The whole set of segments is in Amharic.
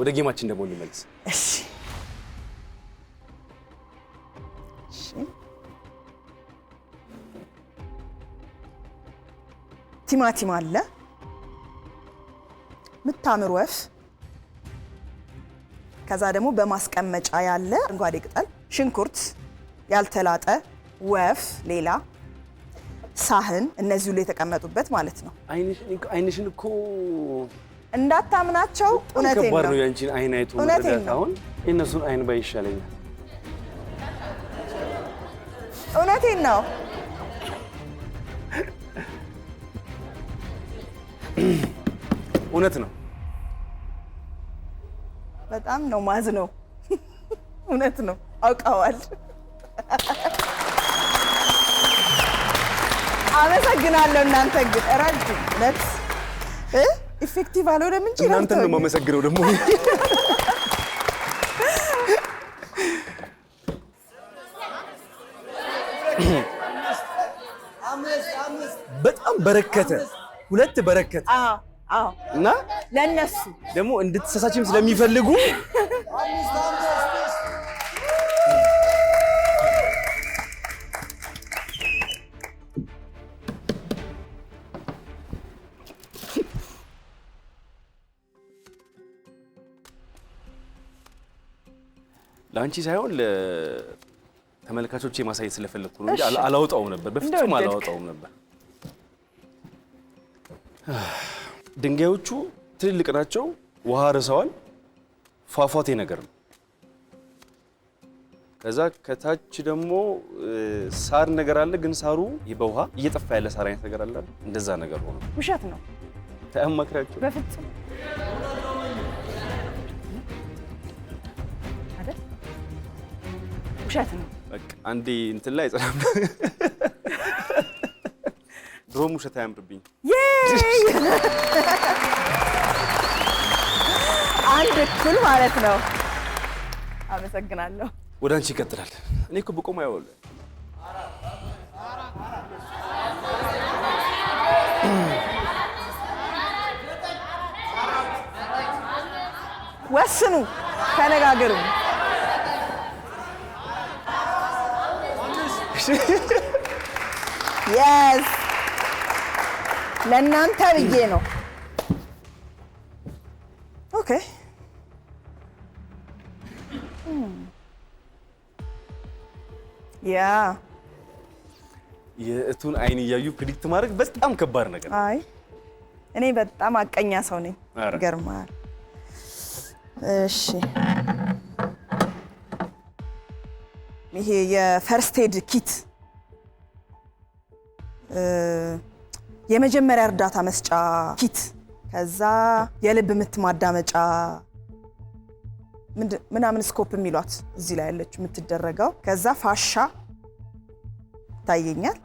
ወደ ጌማችን ደግሞ እንመለስ። እሺ ቲማቲም አለ፣ ምታምር ወፍ፣ ከዛ ደግሞ በማስቀመጫ ያለ አረንጓዴ ቅጠል፣ ሽንኩርት፣ ያልተላጠ ወፍ፣ ሌላ ሳህን፣ እነዚህ ሁሉ የተቀመጡበት ማለት ነው። አይንሽን እኮ እንዳታምናቸው። እውነቴን ነው። ነው የአንቺን አይን አይቶ መረዳት አሁን የእነሱን አይን ባይ ይሻለኛል። እውነቴን ነው። እውነት ነው። በጣም ነው ማዝ ነው። እውነት ነው። አውቀዋል። አመሰግናለሁ። እናንተ ግን ረጅም እውነት ኢፌክቲቭ አልሆነም እንጂ እናንተ ነው የማመሰግነው። ደግሞ በጣም በረከተ ሁለት በረከተ እና ለእነሱ ደግሞ እንድትሰሳችም ስለሚፈልጉ ለአንቺ ሳይሆን ለተመልካቾቼ ማሳየት ስለፈለግኩ ነው እንጂ አላወጣውም ነበር፣ በፍጹም አላወጣውም ነበር። ድንጋዮቹ ትልልቅ ናቸው፣ ውሃ ርሰዋል፣ ፏፏቴ ነገር ነው። ከዛ ከታች ደግሞ ሳር ነገር አለ፣ ግን ሳሩ በውሃ እየጠፋ ያለ ሳር አይነት ነገር አለ። እንደዛ ነገር ሆኖ ውሸት ነው። ተያማክሪያቸው በፍጹም ውሸት ነው። በቃ አንዴ እንትን ላይ ጽናም ድሮም ውሸት አያምርብኝ። አንድ እኩል ማለት ነው። አመሰግናለሁ። ወደ አንቺ ይቀጥላል። እኔ እኮ ብቆም አይወል ወስኑ፣ ተነጋገሩ። የስ ለእናንተ ብዬ ነው። ኦኬ ያ የእቱን አይን እያዩ ፕሪዲክት ማድረግ በጣም ከባድ ነገር። አይ እኔ በጣም አቀኛ ሰው ነኝ። ይገርማል። እሺ ይሄ የፈርስት ኤድ ኪት የመጀመሪያ እርዳታ መስጫ ኪት፣ ከዛ የልብ ምት ማዳመጫ ምናምን ስኮፕ የሚሏት እዚህ ላይ ያለች የምትደረገው፣ ከዛ ፋሻ ይታየኛል።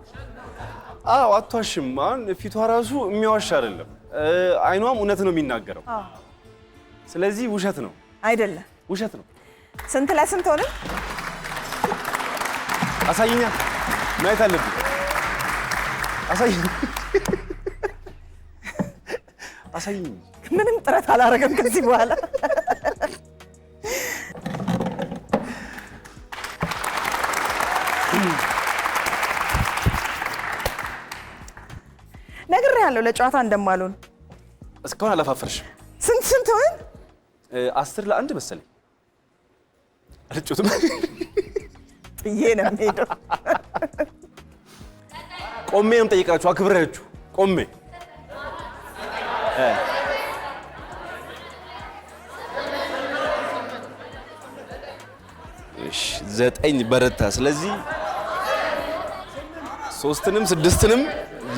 አዎ አቷሽም። አሁን ፊቷ ራሱ የሚያዋሽ አይደለም፣ አይኗም እውነት ነው የሚናገረው። ስለዚህ ውሸት ነው አይደለም፣ ውሸት ነው። ስንት ለስንት ሆንም? አሳይኛ፣ ማየት አለብኝ። አሳይኝ፣ አሳይኝ። ምንም ጥረት አላደረገም ከዚህ በኋላ ነግር ያለው ለጨዋታ እንደማልሆን እስካሁን አላፋፈርሽም። ስንት ስንት ሆን? አስር ለአንድ መሰለኝ አልጮትም ብዬ ነው የምሄደው። ቆሜም ጠይቃችሁ አክብሬያችሁ ቆሜ ዘጠኝ በረታ። ስለዚህ ሶስትንም ስድስትንም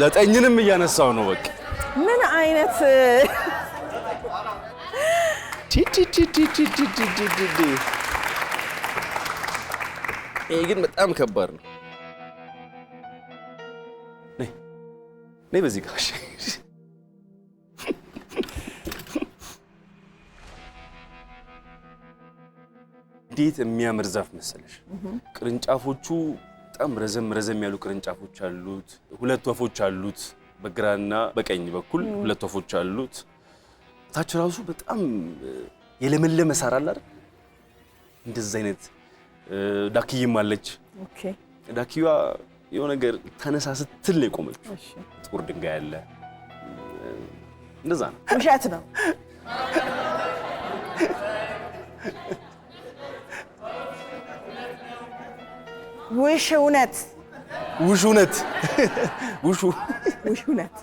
ዘጠኝንም እያነሳው ነው። በቃ ምን አይነት ይሄ ግን በጣም ከባድ ነው። ነይ በዚህ ጋር እንዴት የሚያምር ዛፍ መሰለሽ! ቅርንጫፎቹ በጣም ረዘም ረዘም ያሉ ቅርንጫፎች አሉት። ሁለት ወፎች አሉት። በግራና በቀኝ በኩል ሁለት ወፎች አሉት። ታች ራሱ በጣም የለመለመ ሳር አለ አይደል? እንደዚህ አይነት ዳክዬም አለች። ዳክዬዋ የሆነ ነገር ተነሳ ስትል የቆመች ጥቁር ድንጋይ አለ። እንደዛ ነው። ውሸት ነው። ውሽ እውነት ውሽ እውነት ውሹ ውሽ እውነት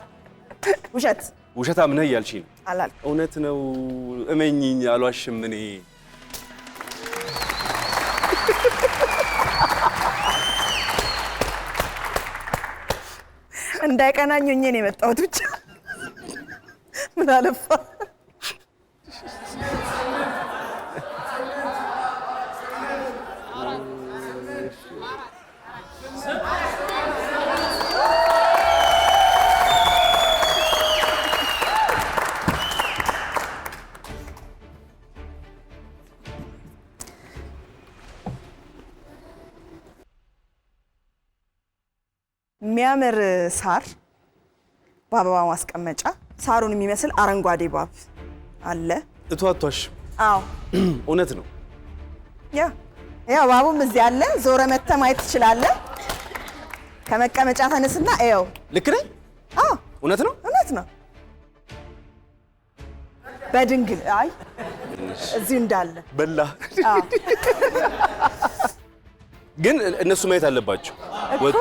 ውሸት ውሸታም ነህ እያልሽኝ ነው። እውነት ነው እመኝኝ፣ አልዋሽም እኔ እንዳይቀናኝ ሆኜ ነው የመጣሁት። ብቻ ምን አለፋ የሚያምር ሳር በአበባ ማስቀመጫ ሳሩን የሚመስል አረንጓዴ ባብ አለ። እቷቷሽ አዎ፣ እውነት ነው። ያ ያ ባቡም እዚህ አለ። ዞረ መተ ማየት ትችላለህ። ከመቀመጫ ተነስና እየው። ልክ ነህ? አዎ፣ እውነት ነው። እውነት ነው። በድንግል አይ፣ እዚሁ እንዳለ በላ ግን እነሱ ማየት አለባቸው ወጡ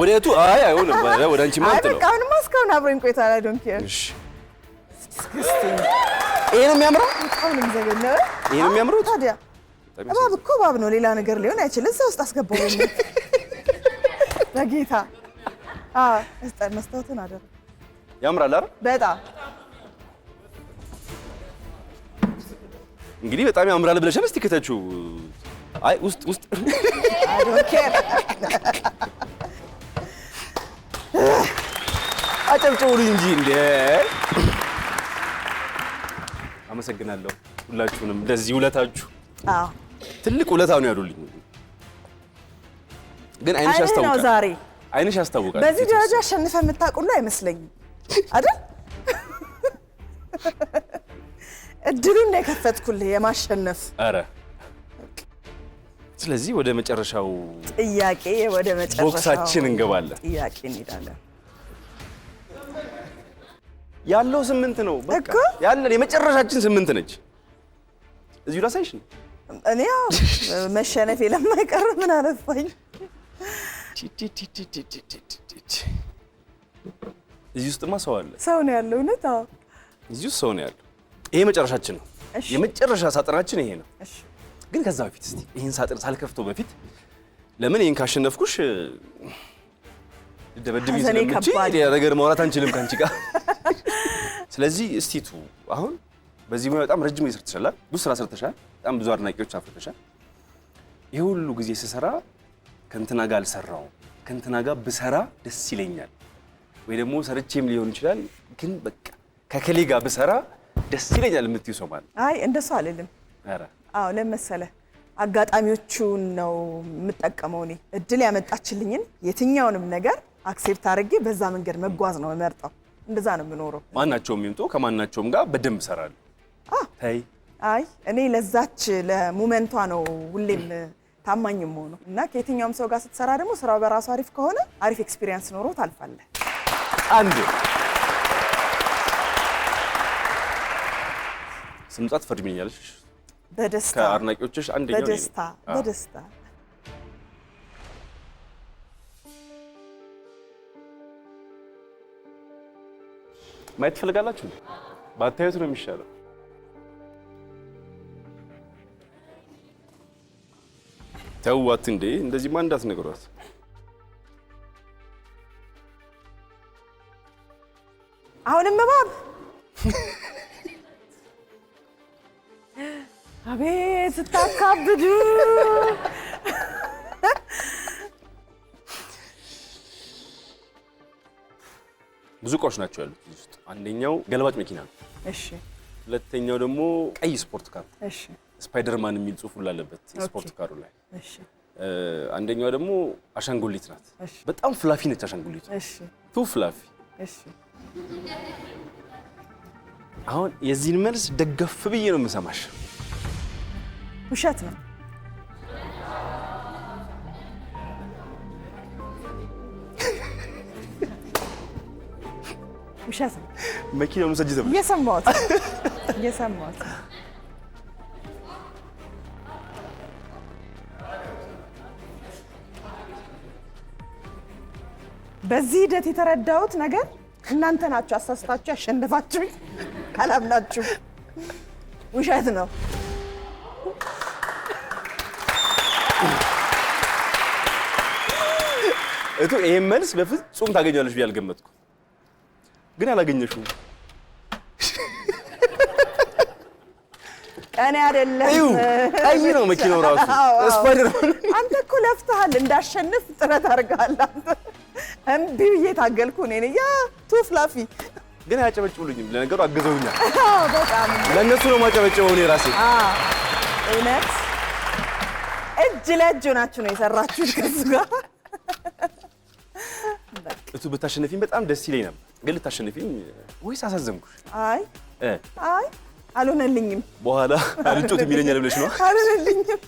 ወደ የቱ? አይ አይሆንም። ወደ አንቺ ማለት ነው። አሁን እስካሁን አብረን ቆይቷል። አይ እሺ ይሄ ነው የሚያምረው። ይሄ ነው የሚያምረው። ታዲያ እባብ እኮ እባብ ነው፣ ሌላ ነገር ሊሆን አይችልም። እዛ ውስጥ አስገባው በጌታ መስታወትን አደረ። ያምራል አይደል? በጣም እንግዲህ በጣም ያምራል ብለሻል። እስቲ ከተችው። አይ ውስጥ ውስጥ አጨብጭቡሉ እንጂ እንዴ! አመሰግናለሁ ሁላችሁንም ለዚህ ውለታችሁ። አዎ ትልቅ ውለታ ነው ያሉልኝ። ግን አይንሽ ዛሬ አይንሽ በዚህ ደረጃ አሸንፈ የምታውቁሉ አይመስለኝም አይደል? እድሉን ነው የከፈትኩልህ የማሸነፍ ስለዚህ ወደ መጨረሻው ጥያቄ ወደ መጨረሻው ቦክሳችን እንገባለን። ጥያቄ እንሄዳለን። ያለው ስምንት ነው በቃ ያለን የመጨረሻችን ስምንት ነች። እዚሁ ላሳይሽ ነው እኔ መሸነፍ የለማይቀር ምን አለፋኝ። እዚህ ውስጥማ ሰው አለ፣ ሰው ነው ያለው። እውነት እዚህ ውስጥ ሰው ነው ያለው። ይሄ መጨረሻችን ነው፣ የመጨረሻ ሳጥናችን ይሄ ነው። ግን ከዛ በፊት እስቲ ይህን ሳጥን ሳልከፍተው በፊት ለምን ይህን ካሸነፍኩሽ ልደበድብ ስለምች ነገር ማውራት አንችልም ከአንቺ ጋር ስለዚህ እስቲቱ አሁን በዚህ ሙያ በጣም ረጅም ጊዜ ሰርተሻል፣ ብዙ ስራ ሰርተሻል፣ በጣም ብዙ አድናቂዎች አፍርተሻል። ይህ ሁሉ ጊዜ ስሰራ ከእንትና ጋር አልሰራው ከእንትና ጋር ብሰራ ደስ ይለኛል፣ ወይ ደግሞ ሰርቼም ሊሆን ይችላል፣ ግን በቃ ከከሌ ጋር ብሰራ ደስ ይለኛል የምትዩ ሰው ማለት? አይ እንደሱ አልልም። አዎ ለመሰለ አጋጣሚዎቹን ነው የምጠቀመው። እኔ እድል ያመጣችልኝን የትኛውንም ነገር አክሴፕት አድርጌ በዛ መንገድ መጓዝ ነው የመርጠው። እንደዛ ነው የምኖረው። ማናቸውም ይምጡ ከማናቸውም ጋር በደንብ ሰራል። አይ አይ እኔ ለዛች ለሙመንቷ ነው ሁሌም ታማኝም ሆኖ እና ከየትኛውም ሰው ጋር ስትሰራ ደግሞ ስራው በራሱ አሪፍ ከሆነ አሪፍ ኤክስፒሪየንስ ኖሮ ታልፋለ። አንድ ስንጣት ፈርሚኛለሽ በደስታ ከአድናቂዎችሽ አንደኛው በደስታ በደስታ ማየት ትፈልጋላችሁ? ባታዩት ነው የሚሻለው። ተዋት እንዴ! እንደዚህ ማ እንዳትነግሯት። አሁንም እባብ አቤት ስታካብዱ ብዙ እቃዎች ናቸው ያሉት ውስጥ አንደኛው ገልባጭ መኪና ነው። እሺ። ሁለተኛው ደግሞ ቀይ ስፖርት ካር፣ እሺ፣ ስፓይደርማን የሚል ጽሑፍ ላለበት ስፖርት ካሩ ላይ። እሺ። አንደኛው ደግሞ አሻንጉሊት ናት። በጣም ፍላፊ ነች አሻንጉሊት። እሺ። ቱ ፍላፊ። እሺ። አሁን የዚህን መልስ ደገፍ ብዬ ነው የምሰማሽ። ውሸት ነው። መኪናውን ውሰጂ ተብሎ እየሰማሁት እየሰማሁት በዚህ ሂደት የተረዳሁት ነገር እናንተ ናችሁ አሳስታችሁ ያሸነፋችሁኝ። አላምናችሁ፣ ውሸት ነው። እቱ ይሄን መልስ በፍጹም ታገኛለች ብዬ አልገመትኩም። ግን አላገኘሽውም። እኔ አይደለም ቀይ ነው መኪናው ራሱ ስፓይደር። አንተ እኮ ለፍተሃል፣ እንዳሸንፍ ጥረት አድርገሃል። አንተ እምቢ ብዬ ታገልኩ። እኔ ያ ቱ ፍላፊ ግን አያጨበጭቡልኝም። ለነገሩ አግዘውኛል። በጣም ለእነሱ ነው ማጨበጭበው እኔ ራሴ እውነት። እጅ ለእጅ ሆናችሁ ነው የሰራችሁት ከእሱ ጋር። እሱ ብታሸንፊኝ በጣም ደስ ይለኝ ነበር። ግን ልታሸንፊኝ ወይስ አሳዘንኩሽ? አይ አይ አልሆነልኝም። በኋላ አልጮት የሚለኛል ብለሽ ነው? አልሆነልኝም።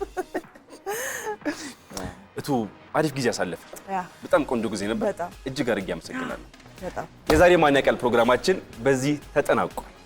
እቱ አሪፍ ጊዜ አሳለፍ። በጣም ቆንጆ ጊዜ ነበር። እጅግ አድርጌ አመሰግናለሁ። የዛሬ ማን ያውቃል ፕሮግራማችን በዚህ ተጠናቋል።